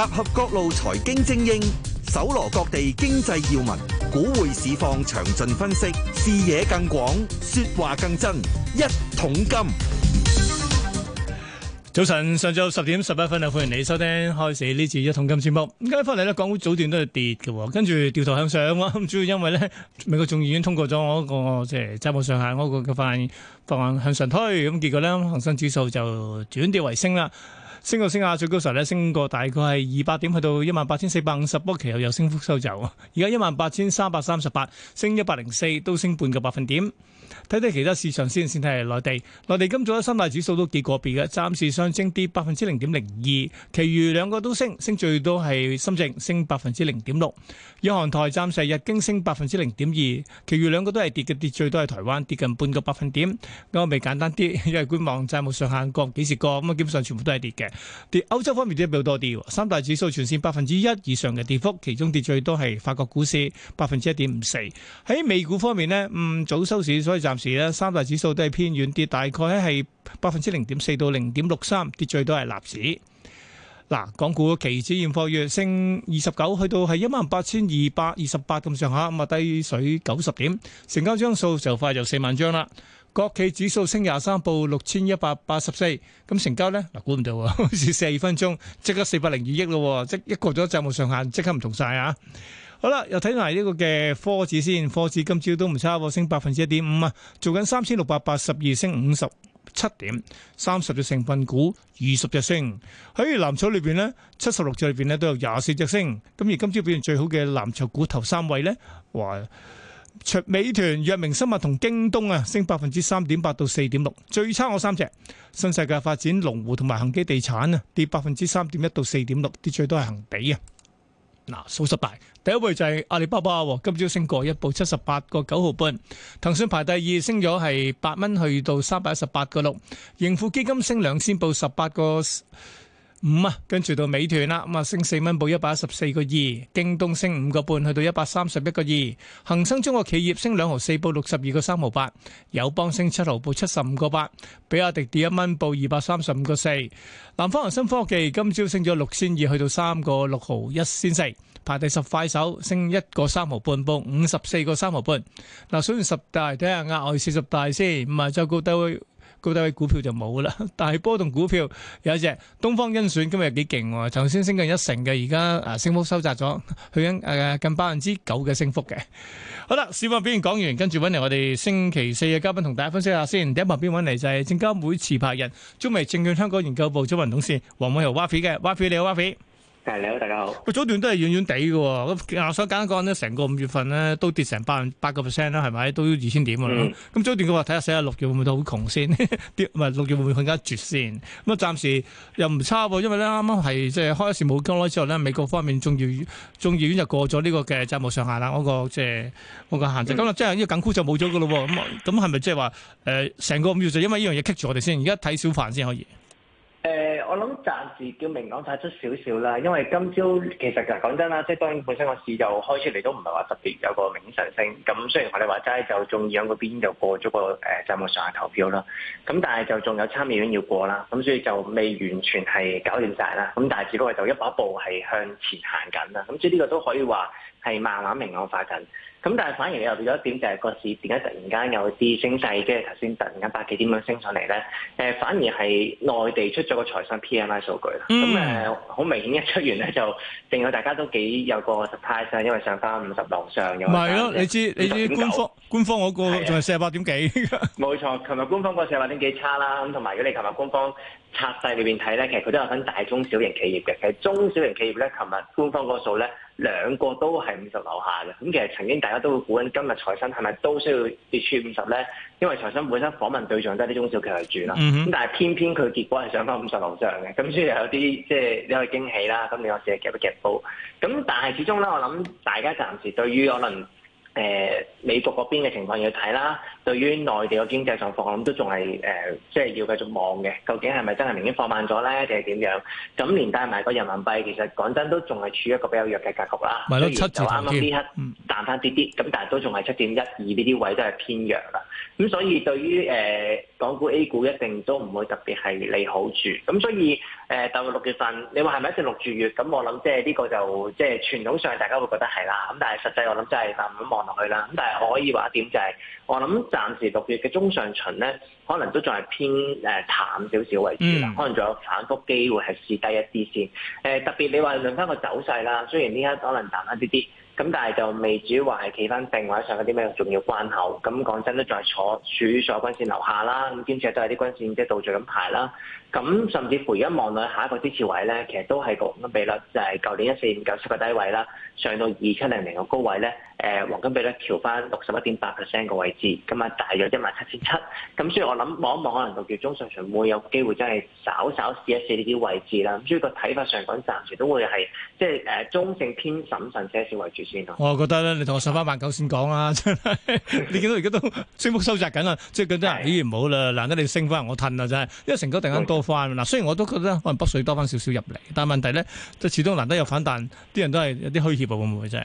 集合各路財經精英，搜羅各地經濟要聞，股匯市況詳盡分析，視野更廣，說話更真。一桶金，早晨，上晝十點十一分啊！歡迎你收聽開始呢次一桶金節目。今日翻嚟咧，港股早段都係跌嘅，跟住掉頭向上啊！主要因為咧，美國眾議院通過咗我嗰個即係債務上限嗰個嘅法案向上推，咁結果咧，恒生指數就轉跌為升啦。升到升下，最高時候咧升過大概係二百點，去到一萬八千四百五十，噃。其後又升幅收走。而家一萬八千三百三十八，升一百零四，都升半個百分點。睇睇其他市場先，先睇下內地。內地今早嘅三大指數都幾個別嘅，暫時上升跌百分之零點零二，其餘兩個都升，升最多係深圳升百分之零點六。日韓台暫時日經升百分之零點二，其餘兩個都係跌嘅，跌最多係台灣跌近半個百分點。咁我，咪簡單啲，因為觀望債務上限個，幾時個咁啊？基本上全部都係跌嘅。跌歐洲方面啲比較多啲，三大指數全線百分之一以上嘅跌幅，其中跌最多係法國股市百分之一點五四。喺美股方面呢，嗯早收市所。暫時咧，三大指數都係偏軟跌，大概係百分之零點四到零點六三，跌最多係納指。嗱，港股期指現貨月升二十九，去到係一萬八千二百二十八咁上下，咁啊低水九十點。成交張數就快就四萬張啦。國企指數升廿三，報六千一百八十四。咁成交咧，嗱，估唔到喎，好似四十二分鐘即刻四百零二億咯，即一過咗債務上限，即刻唔同晒啊！好啦，又睇埋呢個嘅科指先，科指今朝都唔差喎，升百分之一點五啊，做緊三千六百八十二，升五十七點，三十隻成分股二十隻升。喺藍籌裏邊呢，七十六隻裏邊呢都有廿四隻升。咁而今朝表現最好嘅藍籌股頭三位呢，話卓美團、藥明生物同京東啊，升百分之三點八到四點六，最差我三隻。新世界發展、龍湖同埋恒基地產啊，跌百分之三點一到四點六，跌最多係恒地啊。嗱，數十大，第一位就係阿里巴巴，今朝升過一，報七十八個九毫半，騰訊排第二，升咗係八蚊，去到三百一十八個六，盈富基金升兩仙，報十八個。五、嗯、啊，跟住到美團啦，咁啊升四蚊，報一百一十四個二；京東升五個半，去到一百三十一個二；恒生中國企業升兩毫四，報六十二個三毫八；友邦升七毫，報七十五個八；比亞迪跌一蚊，報二百三十五個四；南方恒生科技今朝升咗六仙二，去到三個六毫一仙四；排第十快手升一個三毫半，報五十四個三毫半。嗱，數完十大，睇下額外四十大先，唔係再過低。高低位股票就冇啦，但係波動股票有一隻東方甄選今日幾勁，頭先升近一成嘅，而家啊升幅收窄咗，去緊啊近百分之九嘅升幅嘅。好啦，市況表現講完，跟住揾嚟我哋星期四嘅嘉賓同大家分析下先。第一旁邊揾嚟就係證監會持牌人中美證券香港研究部總務董事黃偉豪 Waffy 嘅，Waffy 你好 Waffy。你好，大家好。喂，早段都係軟軟地嘅。咁我想講嗰陣咧，成個五月份咧都跌成百分八個 percent 啦，係咪？都二千點嘅啦。咁、嗯、早段嘅話，睇下四月、六月會唔會好窮先？跌唔係六月會唔會更加絕先？咁啊，暫時又唔差，因為咧啱啱係即係開市冇幾耐之後咧，美國方面仲要眾議院就過咗呢個嘅債務上限啦，嗰、嗰個即係嗰個限制。咁啊、嗯，即係呢個緊箍就冇咗嘅咯。咁咁係咪即係話誒，成、呃、個五月就因為呢樣嘢棘住我哋先。而家睇小販先可以。我諗暫時叫明朗化出少少啦，因為今朝其實講真啦，即係當然本身個市就開出嚟都唔係話特別有個明顯上升。咁雖然我哋話齋就眾議院嗰邊就過咗個誒債務上限投票啦，咁但係就仲有參議院要過啦，咁所以就未完全係搞掂晒啦。咁但係只不過就一步一步係向前行緊啦。咁所以呢個都可以話係慢慢明朗化緊。咁但係反而你又見到一點就係個市點解突然間有啲升勢？即係頭先突然間百幾點咁樣升上嚟咧？誒、呃，反而係內地出咗個財新。P.M.I 數據啦，咁誒好明顯一出完咧，就令到大家都幾有個 surprise 因為上翻五十檔上。咁。唔係啊，你知你知官方官方嗰個仲係四十八點幾？冇 錯，琴日官方個四十八點幾差啦。咁同埋如果你琴日官方拆細裏邊睇咧，其實佢都有分大中小型企業嘅。其實中小型企業咧，琴日官方個數咧。兩個都係五十樓下嘅，咁、嗯、其實曾經大家都會估緊今日財新係咪都需要跌穿五十咧？因為財新本身訪問對象都係啲中小企業主啦，咁但係偏偏佢結果係上翻五十樓上嘅，咁、嗯、所以有啲即係你話驚喜啦，咁你話自己夾一夾煲，咁、嗯、但係始終咧，我諗大家暫時對於可能。誒、呃、美國嗰邊嘅情況要睇啦，對於內地嘅經濟狀況，我諗都仲係誒，即、呃、係、就是、要繼續望嘅，究竟係咪真係明顯放慢咗咧，定係點樣？咁連帶埋個人民幣，其實講真都仲係處於一個比較弱嘅格局啦。咪咯、嗯，七就剛剛點啲啱啱呢刻彈翻啲啲，咁但係、嗯、都仲係七點一二呢啲位都係偏弱啦。咁所以對於誒、呃、港股 A 股一定都唔會特別係利好住，咁所以。誒到六月份，你話係咪一直六住月？咁我諗即係呢個就即、係、係傳統上大家會覺得係啦。咁但係實際我諗真係慢慢望落去啦。咁但係可以話一點就係、係，我諗暫時六月嘅中上旬咧，可能都仲係偏誒、呃、淡少少為主啦。可能仲有反覆機會係試低一啲先。誒、呃、特別你話論翻個走勢啦，雖然呢家可能淡一啲啲。咁但係就未至於話係企翻定位上嗰啲咩重要關口。咁講真咧，再坐處於所有軍線樓下啦。咁兼且都係啲軍線即係倒序咁排啦。咁甚至乎而家望落去下一個支持位咧，其實都係個比率就係、是、舊年一四五九七個低位啦，上到二七零零個高位咧。誒黃金比率調翻六十一點八個 percent 個位置，今啊大約一萬七千七，咁所以我諗望一望，可能六月中上旬會有機會真係稍稍試一試呢啲位置啦。咁所以個睇法上講，暫時都會係即係誒中性偏審慎少少為主先。我覺得咧，你同我上翻萬九先講啦， 你見到而家都升幅收窄緊啦，即係覺得，咦唔好啦，難得你升翻，我褪啦真係，因為成交突然間多翻。嗱對，雖然我都覺得可能北水多翻少少入嚟，但係問題咧，即係始終難得有反彈，啲人，人都係有啲虛怯喎，會唔會真係？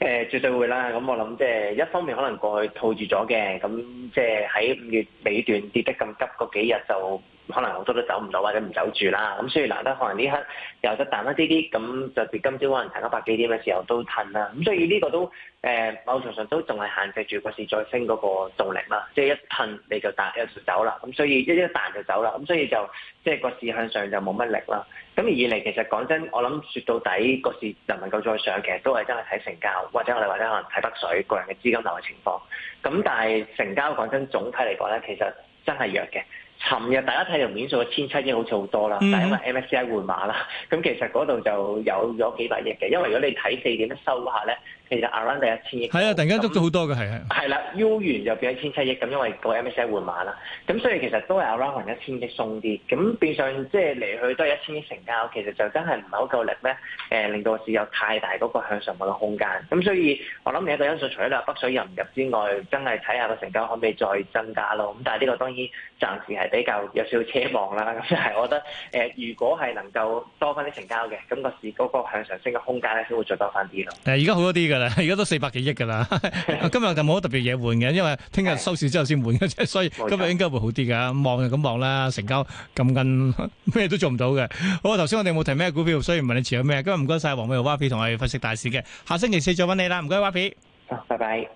誒絕對會啦，咁我諗即係一方面可能過去套住咗嘅，咁即係喺五月尾段跌得咁急嗰幾日就。可能好多都走唔到或者唔走住啦，咁、嗯、所以難得可能呢刻又得彈一啲啲，咁特別今朝可能彈咗百幾點嘅時候都褪啦，咁所以呢個都誒、呃、某程度上都仲係限制住個市再升嗰個動力啦，即係一褪你就彈，有時走啦，咁、嗯、所以一一彈就走啦，咁所以就即係個市向上就冇乜力啦。咁而嚟其實講真，我諗説到底個市就唔能夠再上，其實都係真係睇成交，或者我哋或者可能睇北水個人嘅資金流嘅情況。咁但係成交講真總體嚟講咧，其實真係弱嘅。尋日大家睇條面數個，千七億好似好多啦，但係因為 MSCI 換碼啦，咁其實嗰度就有咗幾百億嘅，因為如果你睇四點收一下咧。其實 around 第一千億，係啊，突然間捉咗好多嘅，係係。係啦，U 元就變咗千七億咁，因為個 MSCI 換碼啦，咁所以其實都係 around 一千億鬆啲，咁變相即係嚟去都係一千億成交，其實就真係唔係好夠力咧，誒令到個市有太大嗰個向上運嘅空間，咁所以我諗另一個因素，除咗你北水入唔入之外，真係睇下個成交可唔可以再增加咯。咁但係呢個當然暫時係比較有少少奢望啦。咁、嗯嗯、但係我覺得誒、呃，如果係能夠多翻啲成交嘅，咁個市嗰個向上升嘅空間咧，都會再多翻啲咯。誒，而家好多啲嘅。而家 都四百幾億噶啦，今日就冇特別嘢換嘅，因為聽日收市之後先換嘅，所以今日應該會好啲噶。望就咁望啦，成交咁緊，咩都做唔到嘅。好，頭先我哋冇提咩股票，所以唔問你遲咗咩。今日唔該晒黃偉豪 Yip 同我哋分析大市嘅，下星期四再揾你啦。唔該 Yip 好，拜拜。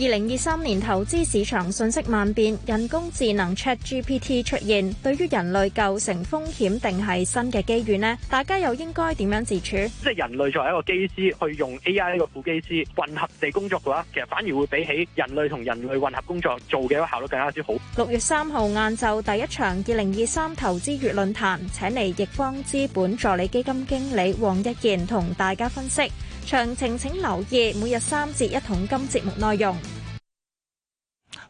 二零二三年投資市場信息萬變，人工智能 ChatGPT 出現，對於人類構成風險定係新嘅機遇呢？大家又應該點樣自處？即係人類作為一個機師，去用 AI 呢個副機師混合地工作嘅話，其實反而會比起人類同人類混合工作做嘅一個效率更加之好。六月三號晏晝第一場二零二三投資月論壇，請嚟易方資本助理基金經理黃一健同大家分析。詳情請留意每日三節一桶金節目內容。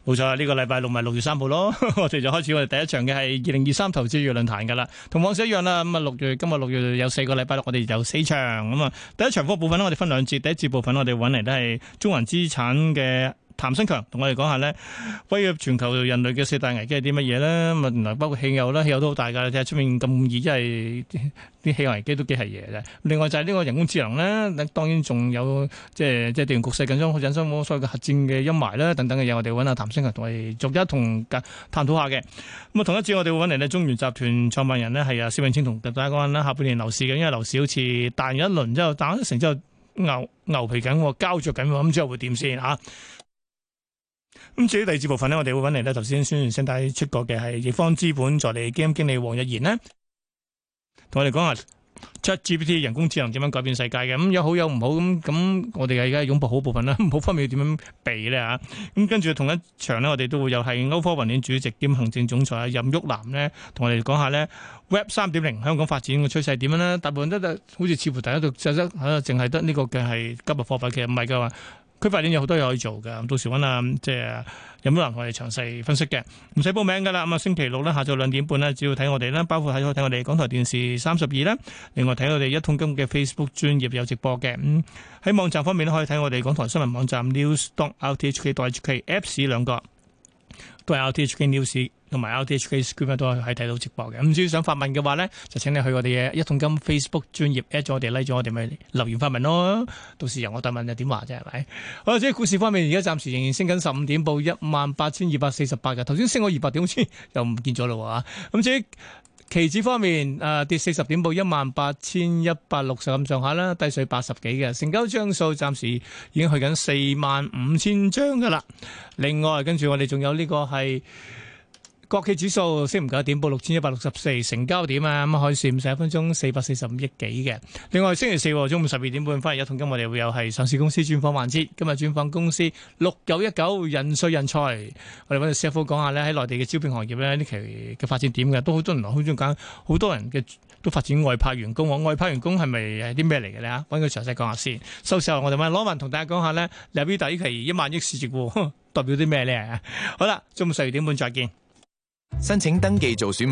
冇錯啊！呢、呢個禮拜六咪六月三號咯， 我哋就開始我哋第一場嘅係二零二三投資月論壇噶啦，同往時一樣啦。咁啊，六月今日六月有四個禮拜六，我哋有四場咁啊。第一場個部分咧，我哋分兩節，第一節部分我哋揾嚟都係中環資產嘅。譚新強同我哋講下咧，威脅全球人類嘅四大危機係啲乜嘢咧？原來，包括氣候啦，氣候都好大噶。睇下出面咁熱，即係啲氣候危機都幾係嘢嘅。另外就係呢個人工智能咧，當然仲有即係即係地緣局勢緊張，產生咗所謂嘅核戰嘅陰霾啦，等等嘅嘢。我哋揾阿譚新強同我哋逐一同緊探討下嘅。咁啊，同一次我哋會揾嚟咧，中原集團創辦人呢係阿施永青，同大家講下咧下半年樓市嘅，因為樓市好似彈一輪之後彈咗成之後牛牛皮緊，膠着緊，咁之後會點先啊？咁至於第二節部分呢，我哋會揾嚟呢頭先宣傳聲帶出過嘅，係易方資本助理基金經理黃日賢呢同我哋講下 ChatGPT 人工智能點樣改變世界嘅，咁、嗯、有好有唔好咁。咁、嗯、我哋而家擁抱好部分啦，唔 好方面點樣避呢。嚇、啊。咁跟住同一場呢，我哋都會又係歐科雲鏈主席兼行政總裁啊任旭南呢同我哋講下呢 Web 三點零香港發展嘅趨勢點樣呢？大部分都好似似乎大家都淨得係、啊、得呢個嘅係加密貨幣，其實唔係㗎嘛。區發展有好多嘢可以做嘅，咁到時揾啊，即係任彌南同我哋詳細分析嘅，唔使報名嘅啦。咁啊，星期六咧，下晝兩點半咧，只要睇我哋咧，包括睇睇我哋港台電視三十二咧，另外睇我哋一通金嘅 Facebook 專頁有直播嘅。咁喺網站方面咧，可以睇我哋港台新聞網站 news.rthk.hk app 兩個，都係 RTHK News。同埋 LTHK screen 啊，Sc er、都喺睇到直播嘅。唔知想發問嘅話咧，就請你去我哋嘅一桶金 Facebook 專頁 at 我哋 like 咗我哋咪、like、留言發問咯。到時由我代問又點話啫，係咪？好啦，至於股市方面，而家暫時仍然升緊十五點，報一萬八千二百四十八嘅。頭先升咗二百點，好似又唔見咗啦喎。咁至於期指方面，誒、呃、跌四十點，報一萬八千一百六十咁上下啦，低水八十幾嘅。成交張數暫時已經去緊四萬五千張噶啦。另外，跟住我哋仲有呢個係。國企指數升唔夠一點，報六千一百六十四，成交點啊，咁可以五十一分鐘四百四十五億幾嘅。另外星期四中午十二點半翻嚟，一同今日我哋會有係上市公司專訪環節。今日專訪公司六九一九人瑞人才，我哋揾阿師傅講下呢喺內地嘅招聘行業呢，呢期嘅發展點嘅，都好多人好中意講，好多人嘅都發展外派員工。哦、外派員工係咪係啲咩嚟嘅呢？啊，揾佢詳細講下先。收市我哋咪攞份同大家講下咧，嚟啲第一期一萬億市值代表啲咩呢？好啦，中午十二點半再見。申請登記做選民。